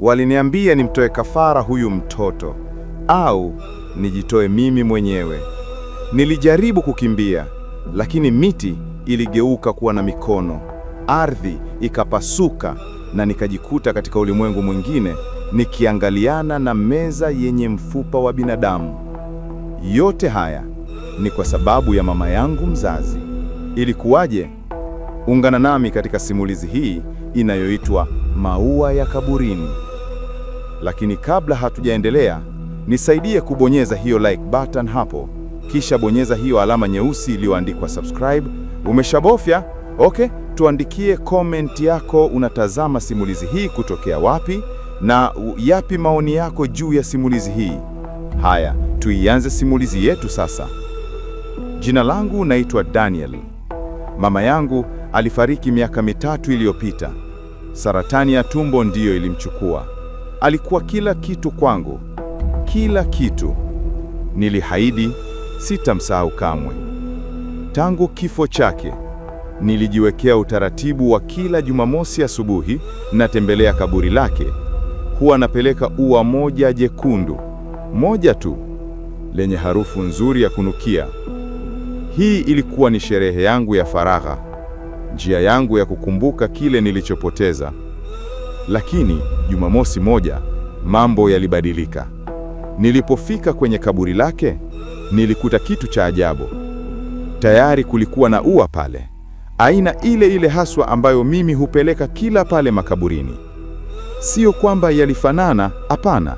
Waliniambia nimtoe kafara huyu mtoto au nijitoe mimi mwenyewe. Nilijaribu kukimbia, lakini miti iligeuka kuwa na mikono, ardhi ikapasuka, na nikajikuta katika ulimwengu mwingine nikiangaliana na meza yenye mfupa wa binadamu. Yote haya ni kwa sababu ya mama yangu mzazi. Ilikuwaje? Ungana nami katika simulizi hii inayoitwa Maua ya Kaburini. Lakini kabla hatujaendelea, nisaidie kubonyeza hiyo like button hapo, kisha bonyeza hiyo alama nyeusi iliyoandikwa subscribe. Umeshabofya? Okay, tuandikie comment yako, unatazama simulizi hii kutokea wapi na yapi maoni yako juu ya simulizi hii. Haya, tuianze simulizi yetu sasa. Jina langu naitwa Daniel. Mama yangu alifariki miaka mitatu iliyopita. Saratani ya tumbo ndiyo ilimchukua. Alikuwa kila kitu kwangu, kila kitu. nilihaidi sitamsahau kamwe. Tangu kifo chake nilijiwekea utaratibu wa kila Jumamosi asubuhi natembelea kaburi lake. Huwa napeleka ua moja jekundu, moja tu, lenye harufu nzuri ya kunukia. Hii ilikuwa ni sherehe yangu ya faragha, njia yangu ya kukumbuka kile nilichopoteza. Lakini Jumamosi moja mambo yalibadilika. Nilipofika kwenye kaburi lake, nilikuta kitu cha ajabu. Tayari kulikuwa na ua pale, aina ile ile haswa ambayo mimi hupeleka kila pale makaburini. Sio kwamba yalifanana, hapana.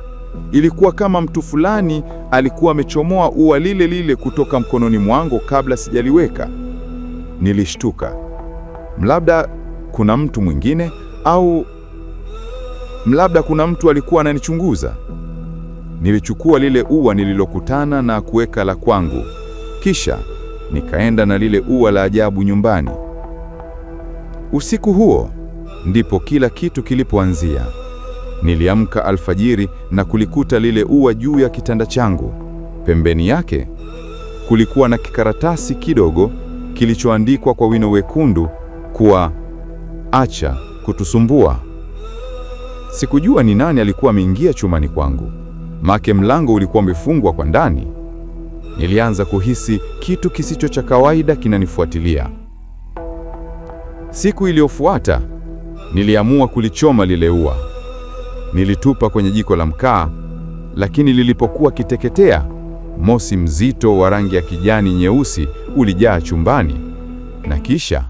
Ilikuwa kama mtu fulani alikuwa amechomoa ua lile lile kutoka mkononi mwangu kabla sijaliweka. Nilishtuka, labda kuna mtu mwingine au Labda kuna mtu alikuwa ananichunguza. Nilichukua lile ua nililokutana na kuweka la kwangu, kisha nikaenda na lile ua la ajabu nyumbani. Usiku huo ndipo kila kitu kilipoanzia. Niliamka alfajiri na kulikuta lile ua juu ya kitanda changu. Pembeni yake kulikuwa na kikaratasi kidogo kilichoandikwa kwa wino wekundu kuwa acha kutusumbua. Sikujua ni nani alikuwa ameingia chumani kwangu, make mlango ulikuwa umefungwa kwa ndani. Nilianza kuhisi kitu kisicho cha kawaida kinanifuatilia. Siku iliyofuata niliamua kulichoma lile ua. Nilitupa kwenye jiko la mkaa, lakini lilipokuwa kiteketea, moshi mzito wa rangi ya kijani nyeusi ulijaa chumbani, na kisha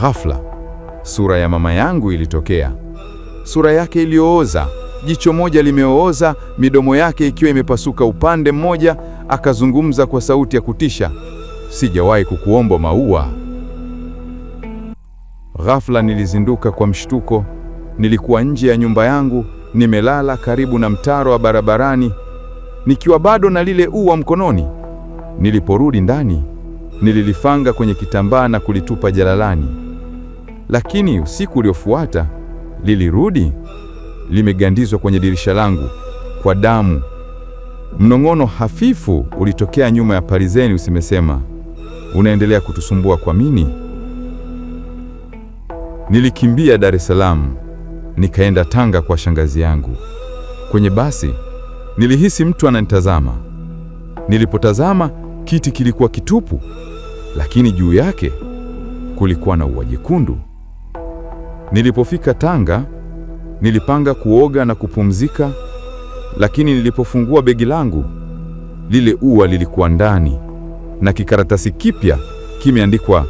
ghafla sura ya mama yangu ilitokea sura yake iliyooza, jicho moja limeooza, midomo yake ikiwa imepasuka upande mmoja, akazungumza kwa sauti ya kutisha, sijawahi kukuomba maua. Ghafla nilizinduka kwa mshtuko. Nilikuwa nje ya nyumba yangu, nimelala karibu na mtaro wa barabarani, nikiwa bado na lile ua mkononi. Niliporudi ndani, nililifanga kwenye kitambaa na kulitupa jalalani. Lakini usiku uliofuata lilirudi limegandizwa kwenye dirisha langu kwa damu. Mnong'ono hafifu ulitokea nyuma ya parizeni usimesema, unaendelea kutusumbua kwa nini? Nilikimbia Dar es Salaam nikaenda Tanga kwa shangazi yangu. Kwenye basi nilihisi mtu ananitazama. Nilipotazama kiti kilikuwa kitupu, lakini juu yake kulikuwa na ua jekundu. Nilipofika Tanga nilipanga kuoga na kupumzika, lakini nilipofungua begi langu lile ua lilikuwa ndani na kikaratasi kipya kimeandikwa,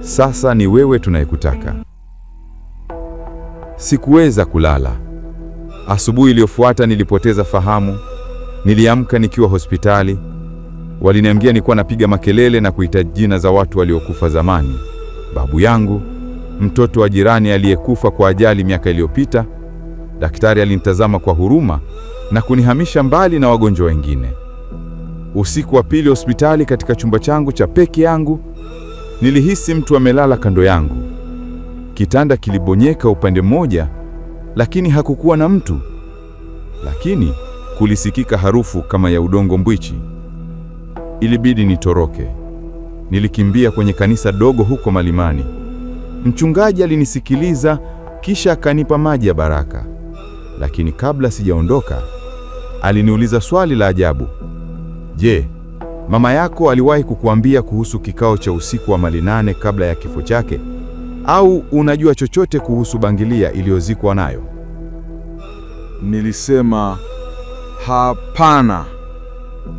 sasa ni wewe tunayekutaka. Sikuweza kulala. Asubuhi iliyofuata nilipoteza fahamu. Niliamka nikiwa hospitali, waliniambia nilikuwa napiga makelele na kuita jina za watu waliokufa zamani, babu yangu mtoto wa jirani aliyekufa kwa ajali miaka iliyopita. Daktari alinitazama kwa huruma na kunihamisha mbali na wagonjwa wengine. Usiku wa pili hospitali, katika chumba changu cha peke yangu, nilihisi mtu amelala kando yangu. Kitanda kilibonyeka upande mmoja, lakini hakukuwa na mtu, lakini kulisikika harufu kama ya udongo mbichi. Ilibidi nitoroke. Nilikimbia kwenye kanisa dogo huko Malimani. Mchungaji alinisikiliza kisha akanipa maji ya baraka, lakini kabla sijaondoka aliniuliza swali la ajabu. Je, mama yako aliwahi kukuambia kuhusu kikao cha usiku wa mali nane kabla ya kifo chake, au unajua chochote kuhusu bangilia iliyozikwa nayo? Nilisema hapana.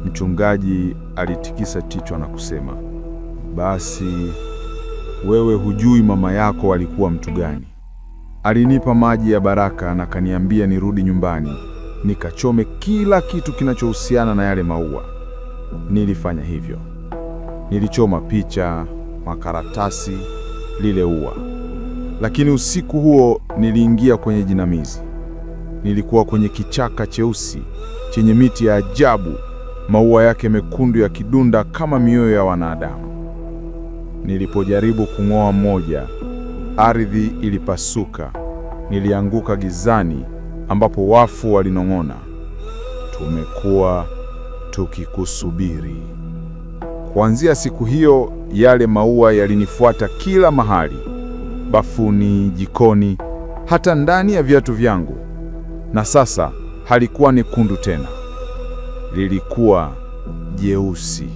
Mchungaji alitikisa kichwa na kusema basi wewe hujui mama yako alikuwa mtu gani. Alinipa maji ya baraka na kaniambia nirudi nyumbani nikachome kila kitu kinachohusiana na yale maua. Nilifanya hivyo, nilichoma picha, makaratasi, lile ua. Lakini usiku huo niliingia kwenye jinamizi. Nilikuwa kwenye kichaka cheusi chenye miti ya ajabu, maua yake mekundu ya kidunda kama mioyo ya wanadamu. Nilipojaribu kung'oa mmoja, ardhi ilipasuka, nilianguka gizani ambapo wafu walinong'ona, tumekuwa tukikusubiri. Kuanzia siku hiyo, yale maua yalinifuata kila mahali, bafuni, jikoni, hata ndani ya viatu vyangu. Na sasa halikuwa nikundu tena, lilikuwa jeusi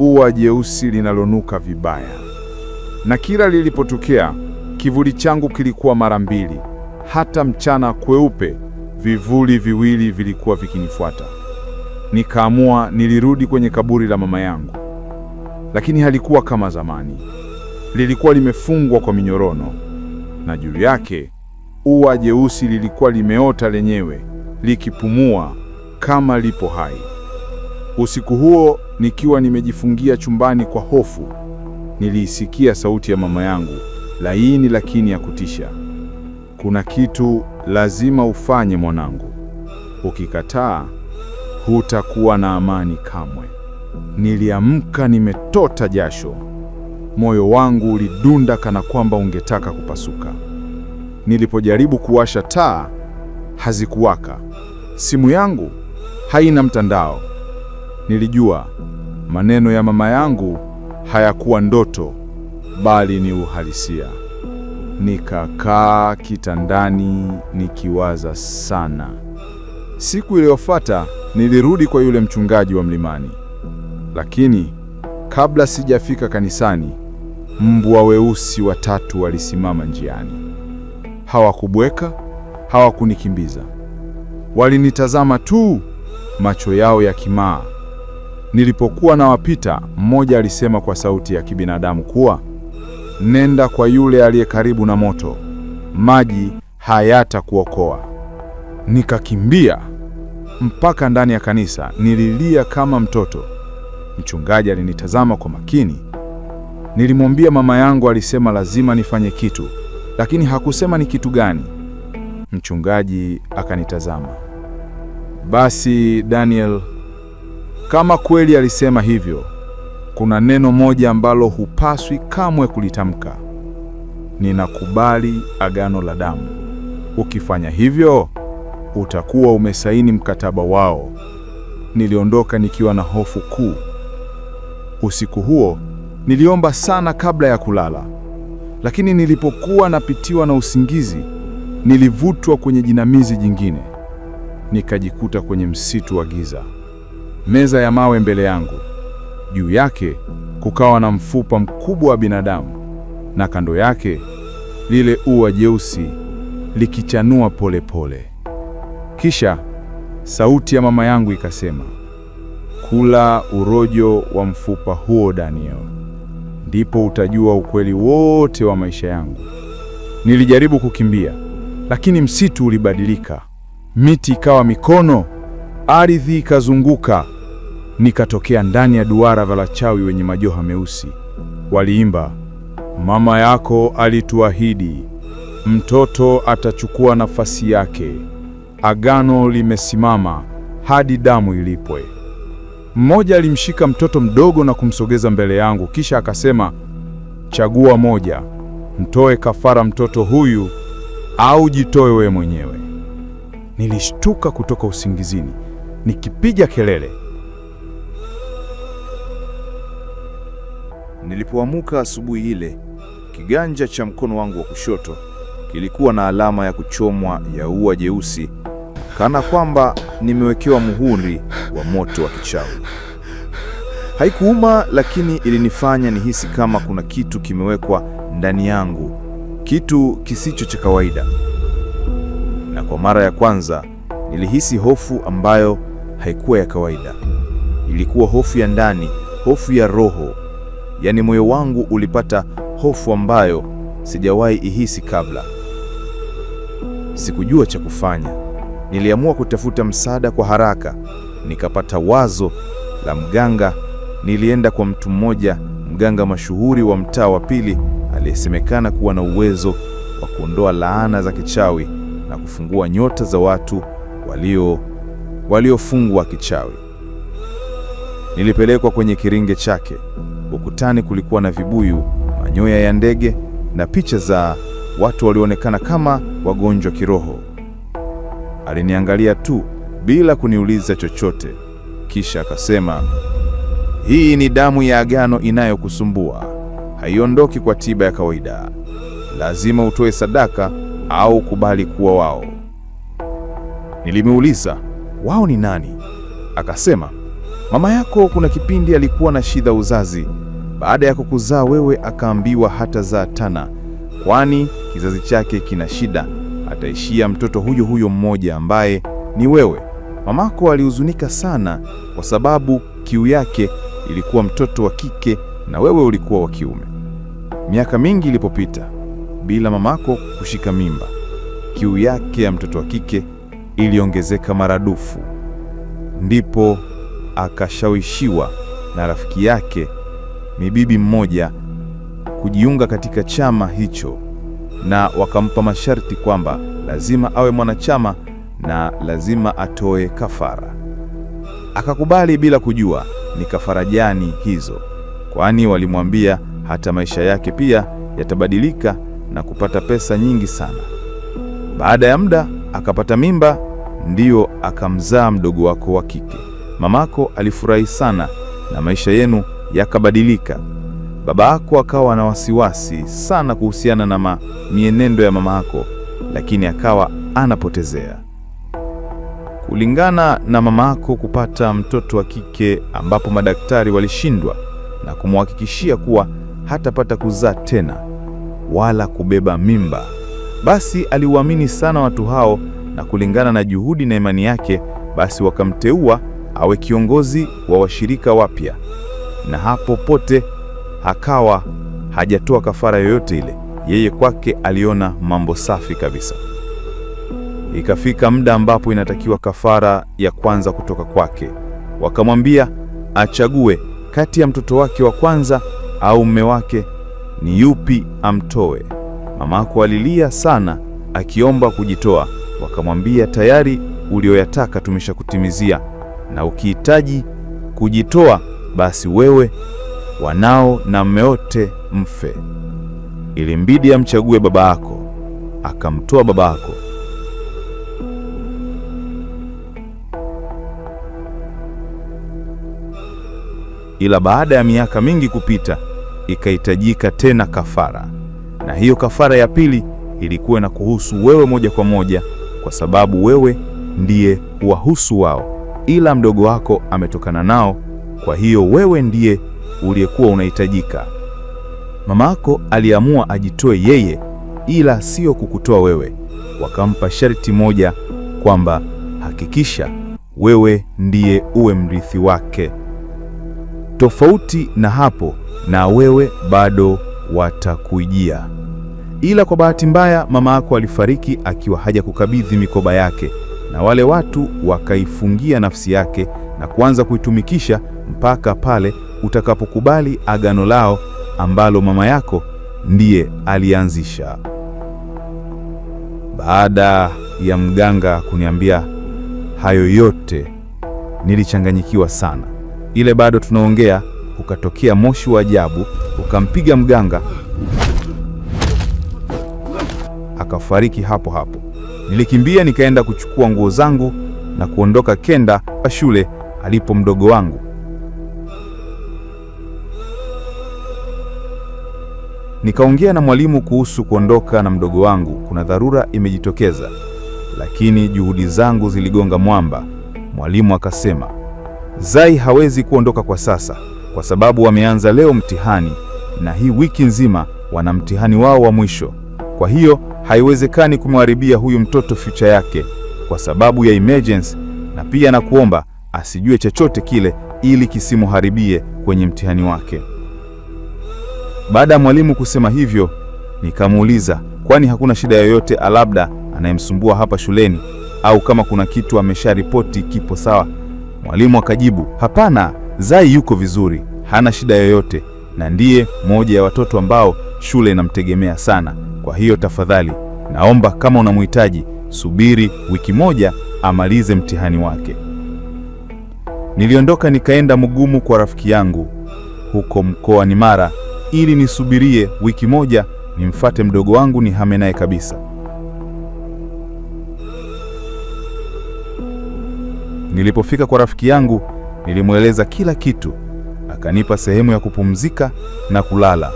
ua jeusi linalonuka vibaya. Na kila lilipotokea, kivuli changu kilikuwa mara mbili. Hata mchana kweupe, vivuli viwili vilikuwa vikinifuata. Nikaamua nilirudi kwenye kaburi la mama yangu, lakini halikuwa kama zamani. Lilikuwa limefungwa kwa minyorono, na juu yake ua jeusi lilikuwa limeota lenyewe, likipumua kama lipo hai. Usiku huo nikiwa nimejifungia chumbani kwa hofu, niliisikia sauti ya mama yangu, laini lakini ya kutisha. Kuna kitu lazima ufanye mwanangu. Ukikataa hutakuwa na amani kamwe. Niliamka nimetota jasho. Moyo wangu ulidunda kana kwamba ungetaka kupasuka. Nilipojaribu kuwasha taa, hazikuwaka. Simu yangu haina mtandao. Nilijua maneno ya mama yangu hayakuwa ndoto, bali ni uhalisia. Nikakaa kitandani nikiwaza sana. Siku iliyofuata nilirudi kwa yule mchungaji wa mlimani, lakini kabla sijafika kanisani, mbwa weusi watatu walisimama njiani. Hawakubweka, hawakunikimbiza, walinitazama tu, macho yao yaking'aa. Nilipokuwa nawapita, mmoja alisema kwa sauti ya kibinadamu kuwa nenda kwa yule aliye karibu na moto, maji hayatakuokoa. Nikakimbia mpaka ndani ya kanisa, nililia kama mtoto. Mchungaji alinitazama kwa makini. Nilimwambia mama yangu alisema lazima nifanye kitu, lakini hakusema ni kitu gani. Mchungaji akanitazama. Basi Daniel kama kweli alisema hivyo, kuna neno moja ambalo hupaswi kamwe kulitamka: ninakubali agano la damu. Ukifanya hivyo, utakuwa umesaini mkataba wao. Niliondoka nikiwa na hofu kuu. Usiku huo niliomba sana kabla ya kulala, lakini nilipokuwa napitiwa na usingizi, nilivutwa kwenye jinamizi jingine, nikajikuta kwenye msitu wa giza meza ya mawe mbele yangu, juu yake kukawa na mfupa mkubwa wa binadamu, na kando yake lile ua jeusi likichanua pole pole. Kisha sauti ya mama yangu ikasema, kula urojo wa mfupa huo Daniel, ndipo utajua ukweli wote wa maisha yangu. Nilijaribu kukimbia, lakini msitu ulibadilika, miti ikawa mikono, ardhi ikazunguka nikatokea ndani ya duara la wachawi wenye majoha meusi. Waliimba, mama yako alituahidi mtoto atachukua nafasi yake, agano limesimama hadi damu ilipwe. Mmoja alimshika mtoto mdogo na kumsogeza mbele yangu, kisha akasema, chagua moja, mtoe kafara mtoto huyu au jitoe wewe mwenyewe. Nilishtuka kutoka usingizini nikipiga kelele. Nilipoamuka asubuhi ile, kiganja cha mkono wangu wa kushoto kilikuwa na alama ya kuchomwa ya ua jeusi, kana kwamba nimewekewa muhuri wa moto wa kichawi. Haikuuma, lakini ilinifanya nihisi kama kuna kitu kimewekwa ndani yangu, kitu kisicho cha kawaida. Na kwa mara ya kwanza nilihisi hofu ambayo haikuwa ya kawaida. Ilikuwa hofu ya ndani, hofu ya roho Yaani moyo wangu ulipata hofu ambayo sijawahi ihisi kabla. Sikujua cha kufanya, niliamua kutafuta msaada kwa haraka. Nikapata wazo la mganga. Nilienda kwa mtu mmoja, mganga mashuhuri wa mtaa wa pili, aliyesemekana kuwa na uwezo wa kuondoa laana za kichawi na kufungua nyota za watu walio waliofungwa kichawi. Nilipelekwa kwenye kiringe chake. Ukutani kulikuwa na vibuyu, manyoya ya ndege na picha za watu walioonekana kama wagonjwa kiroho. Aliniangalia tu bila kuniuliza chochote, kisha akasema, hii ni damu ya agano inayokusumbua, haiondoki kwa tiba ya kawaida. Lazima utoe sadaka au kubali kuwa wao. Nilimuuliza wao ni nani? Akasema Mama yako kuna kipindi alikuwa na shida uzazi. Baada ya kukuzaa wewe, akaambiwa hatazaa tena, kwani kizazi chake kina shida, ataishia mtoto huyo huyo mmoja ambaye ni wewe. Mamako alihuzunika sana, kwa sababu kiu yake ilikuwa mtoto wa kike na wewe ulikuwa wa kiume. Miaka mingi ilipopita bila mamako kushika mimba, kiu yake ya mtoto wa kike iliongezeka maradufu. Ndipo akashawishiwa na rafiki yake mibibi mmoja kujiunga katika chama hicho, na wakampa masharti kwamba lazima awe mwanachama na lazima atoe kafara. Akakubali bila kujua ni kafara gani hizo, kwani walimwambia hata maisha yake pia yatabadilika na kupata pesa nyingi sana. Baada ya muda akapata mimba, ndiyo akamzaa mdogo wako wa kike. Mamako alifurahi sana na maisha yenu yakabadilika. baba yako akawa na wasiwasi sana kuhusiana na ma, mienendo ya yako, lakini akawa anapotezea. Kulingana na yako kupata mtoto wa kike ambapo madaktari walishindwa na kumhakikishia kuwa hatapata kuzaa tena wala kubeba mimba. Basi aliuamini sana watu hao na kulingana na juhudi na imani yake, basi wakamteua awe kiongozi wa washirika wapya, na hapo pote hakawa hajatoa kafara yoyote ile. Yeye kwake aliona mambo safi kabisa. Ikafika muda ambapo inatakiwa kafara ya kwanza kutoka kwake, wakamwambia achague kati ya mtoto wake wa kwanza au mume wake, ni yupi amtoe. Mamako alilia sana akiomba kujitoa, wakamwambia tayari ulioyataka tumeshakutimizia na ukihitaji kujitoa, basi wewe, wanao na mmeote wote mfe. Ilimbidi amchague baba yako, akamtoa baba yako. Ila baada ya miaka mingi kupita, ikahitajika tena kafara, na hiyo kafara ya pili ilikuwa na kuhusu wewe moja kwa moja, kwa sababu wewe ndiye wahusu wao ila mdogo wako ametokana nao, kwa hiyo wewe ndiye uliyekuwa unahitajika. Mamako aliamua ajitoe yeye, ila sio kukutoa wewe. Wakampa sharti moja kwamba hakikisha wewe ndiye uwe mrithi wake. Tofauti na hapo, na wewe bado watakujia. Ila kwa bahati mbaya mama yako alifariki akiwa hajakukabidhi mikoba yake na wale watu wakaifungia nafsi yake na kuanza kuitumikisha mpaka pale utakapokubali agano lao ambalo mama yako ndiye alianzisha. Baada ya mganga kuniambia hayo yote, nilichanganyikiwa sana. Ile bado tunaongea, ukatokea moshi wa ajabu ukampiga mganga, akafariki hapo hapo. Nilikimbia nikaenda kuchukua nguo zangu na kuondoka kenda kwa shule alipo mdogo wangu. Nikaongea na mwalimu kuhusu kuondoka na mdogo wangu, kuna dharura imejitokeza. Lakini juhudi zangu ziligonga mwamba. Mwalimu akasema, Zai hawezi kuondoka kwa sasa kwa sababu wameanza leo mtihani na hii wiki nzima wana mtihani wao wa mwisho. Kwa hiyo haiwezekani kumharibia huyu mtoto future yake kwa sababu ya emergency, na pia nakuomba asijue chochote kile ili kisimuharibie kwenye mtihani wake. Baada ya mwalimu kusema hivyo, nikamuuliza kwani hakuna shida yoyote ah, labda anayemsumbua hapa shuleni au kama kuna kitu amesha ripoti kipo sawa. Mwalimu akajibu, hapana, Zai yuko vizuri, hana shida yoyote na ndiye moja ya watoto ambao shule inamtegemea sana. Kwa hiyo tafadhali, naomba kama unamhitaji, subiri wiki moja amalize mtihani wake. Niliondoka nikaenda Mugumu kwa rafiki yangu huko mkoani Mara ili nisubirie wiki moja nimfate mdogo wangu nihame naye kabisa. Nilipofika kwa rafiki yangu nilimweleza kila kitu, akanipa sehemu ya kupumzika na kulala.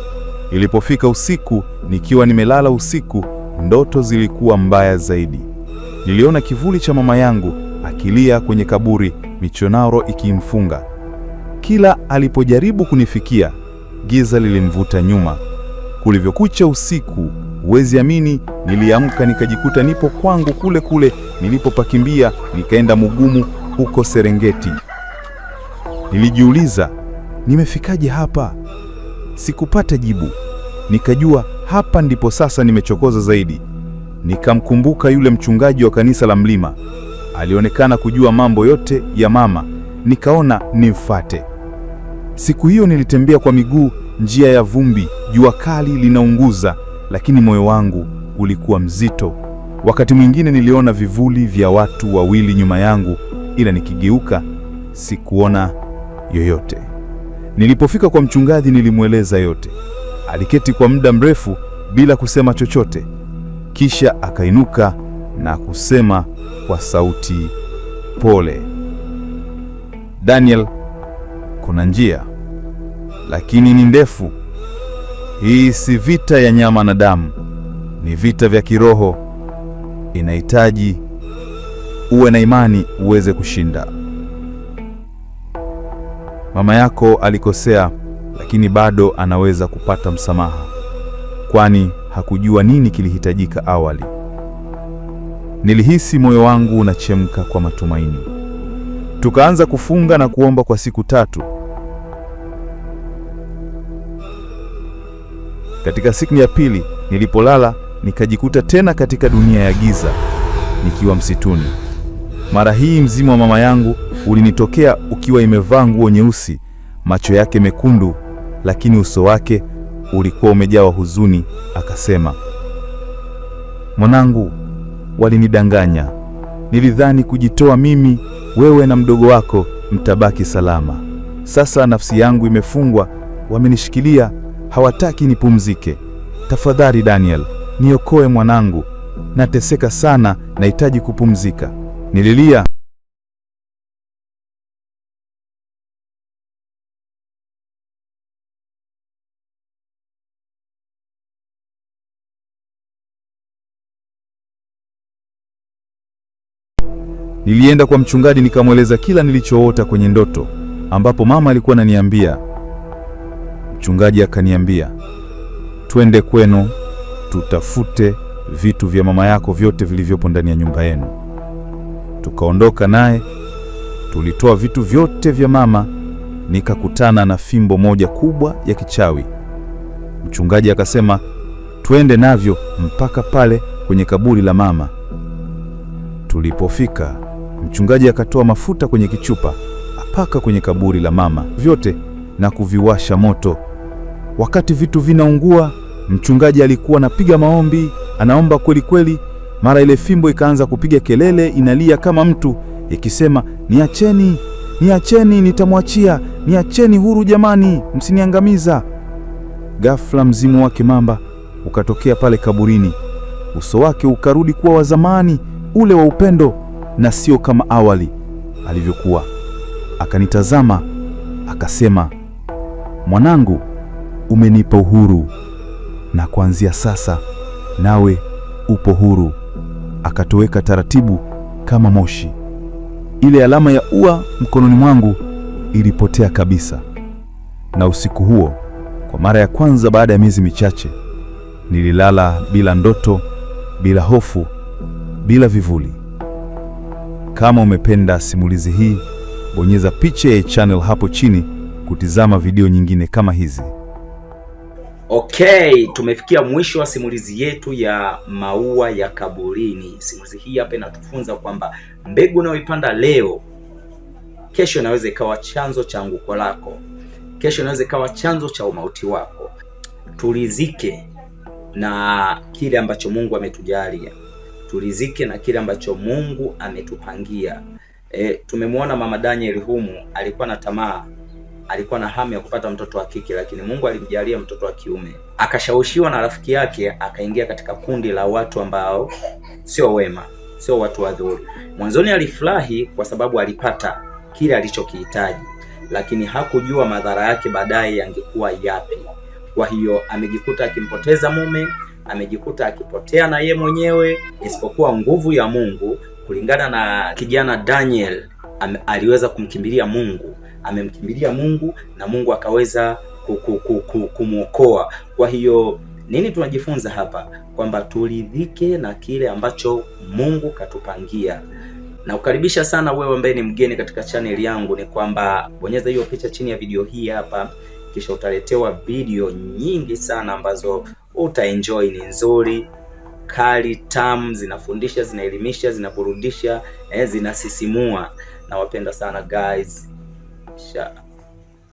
Ilipofika usiku, nikiwa nimelala usiku, ndoto zilikuwa mbaya zaidi. Niliona kivuli cha mama yangu akilia kwenye kaburi, michonaro ikimfunga. Kila alipojaribu kunifikia, giza lilimvuta nyuma. Kulivyokucha usiku, huwezi amini, niliamka nikajikuta nipo kwangu kule kule nilipopakimbia, nikaenda Mugumu huko Serengeti. Nilijiuliza, nimefikaje hapa? Sikupata jibu nikajua hapa ndipo sasa nimechokoza zaidi. Nikamkumbuka yule mchungaji wa kanisa la Mlima, alionekana kujua mambo yote ya mama, nikaona nimfate. Siku hiyo nilitembea kwa miguu, njia ya vumbi, jua kali linaunguza, lakini moyo wangu ulikuwa mzito. Wakati mwingine niliona vivuli vya watu wawili nyuma yangu, ila nikigeuka sikuona yoyote. Nilipofika kwa mchungaji, nilimweleza yote. Aliketi kwa muda mrefu bila kusema chochote, kisha akainuka na kusema kwa sauti pole, Daniel, kuna njia, lakini ni ndefu. Hii si vita ya nyama na damu, ni vita vya kiroho. Inahitaji uwe na imani uweze kushinda. Mama yako alikosea lakini bado anaweza kupata msamaha, kwani hakujua nini kilihitajika awali. Nilihisi moyo wangu unachemka kwa matumaini. Tukaanza kufunga na kuomba kwa siku tatu. Katika siku ya pili nilipolala, nikajikuta tena katika dunia ya giza, nikiwa msituni. Mara hii mzimu wa mama yangu ulinitokea ukiwa imevaa nguo nyeusi, macho yake mekundu lakini uso wake ulikuwa umejawa huzuni. Akasema, mwanangu, walinidanganya. Nilidhani kujitoa mimi, wewe na mdogo wako mtabaki salama. Sasa nafsi yangu imefungwa, wamenishikilia, hawataki nipumzike. Tafadhali Daniel, niokoe mwanangu, nateseka sana, nahitaji kupumzika. Nililia Nilienda kwa mchungaji nikamweleza kila nilichoota kwenye ndoto, ambapo mama alikuwa ananiambia. Mchungaji akaniambia, twende kwenu tutafute vitu vya mama yako vyote vilivyopo ndani ya nyumba yenu. Tukaondoka naye, tulitoa vitu vyote vya mama, nikakutana na fimbo moja kubwa ya kichawi. Mchungaji akasema twende navyo mpaka pale kwenye kaburi la mama. Tulipofika Mchungaji akatoa mafuta kwenye kichupa, apaka kwenye kaburi la mama, vyote na kuviwasha moto. Wakati vitu vinaungua, mchungaji alikuwa anapiga maombi, anaomba kweli kweli. Mara ile fimbo ikaanza kupiga kelele, inalia kama mtu ikisema, niacheni, niacheni, nitamwachia, niacheni huru jamani, msiniangamiza. Ghafla mzimu wake mamba ukatokea pale kaburini, uso wake ukarudi kuwa wa zamani, ule wa upendo na sio kama awali alivyokuwa. Akanitazama akasema, mwanangu, umenipa uhuru na kuanzia sasa nawe upo huru. Akatoweka taratibu kama moshi. Ile alama ya ua mkononi mwangu ilipotea kabisa, na usiku huo, kwa mara ya kwanza baada ya miezi michache, nililala bila ndoto, bila hofu, bila vivuli. Kama umependa simulizi hii, bonyeza picha ya channel hapo chini kutizama video nyingine kama hizi. Okay, tumefikia mwisho wa simulizi yetu ya Maua ya Kaburini. Simulizi hii hapa inatufunza kwamba mbegu unayoipanda leo, kesho inaweza ikawa chanzo cha anguko lako, kesho inaweza ikawa chanzo cha umauti wako. Tulizike na kile ambacho Mungu ametujalia tulizike na kile ambacho Mungu ametupangia. E, tumemwona mama Daniel humu alikuwa na tamaa, alikuwa na hamu ya kupata mtoto wa kike, lakini Mungu alimjalia mtoto wa kiume. Akashawishiwa na rafiki yake akaingia katika kundi la watu ambao sio wema, sio watu wadhuri. Mwanzoni alifurahi kwa sababu alipata kile alichokihitaji, lakini hakujua madhara yake baadaye yangekuwa yapi. Kwa hiyo amejikuta akimpoteza mume amejikuta akipotea na ye mwenyewe, isipokuwa nguvu ya Mungu. Kulingana na kijana Daniel am, aliweza kumkimbilia Mungu, amemkimbilia Mungu na Mungu akaweza kumwokoa. Kwa hiyo nini tunajifunza hapa? Kwamba turidhike na kile ambacho Mungu katupangia. Na kukaribisha sana wewe ambaye ni mgeni katika chaneli yangu, ni kwamba bonyeza hiyo picha chini ya video hii hapa, kisha utaletewa video nyingi sana ambazo utaenjoy. Ni nzuri, kali, tamu, zinafundisha, zinaelimisha, zinaburudisha, eh, zinasisimua. Nawapenda sana guys. Sha.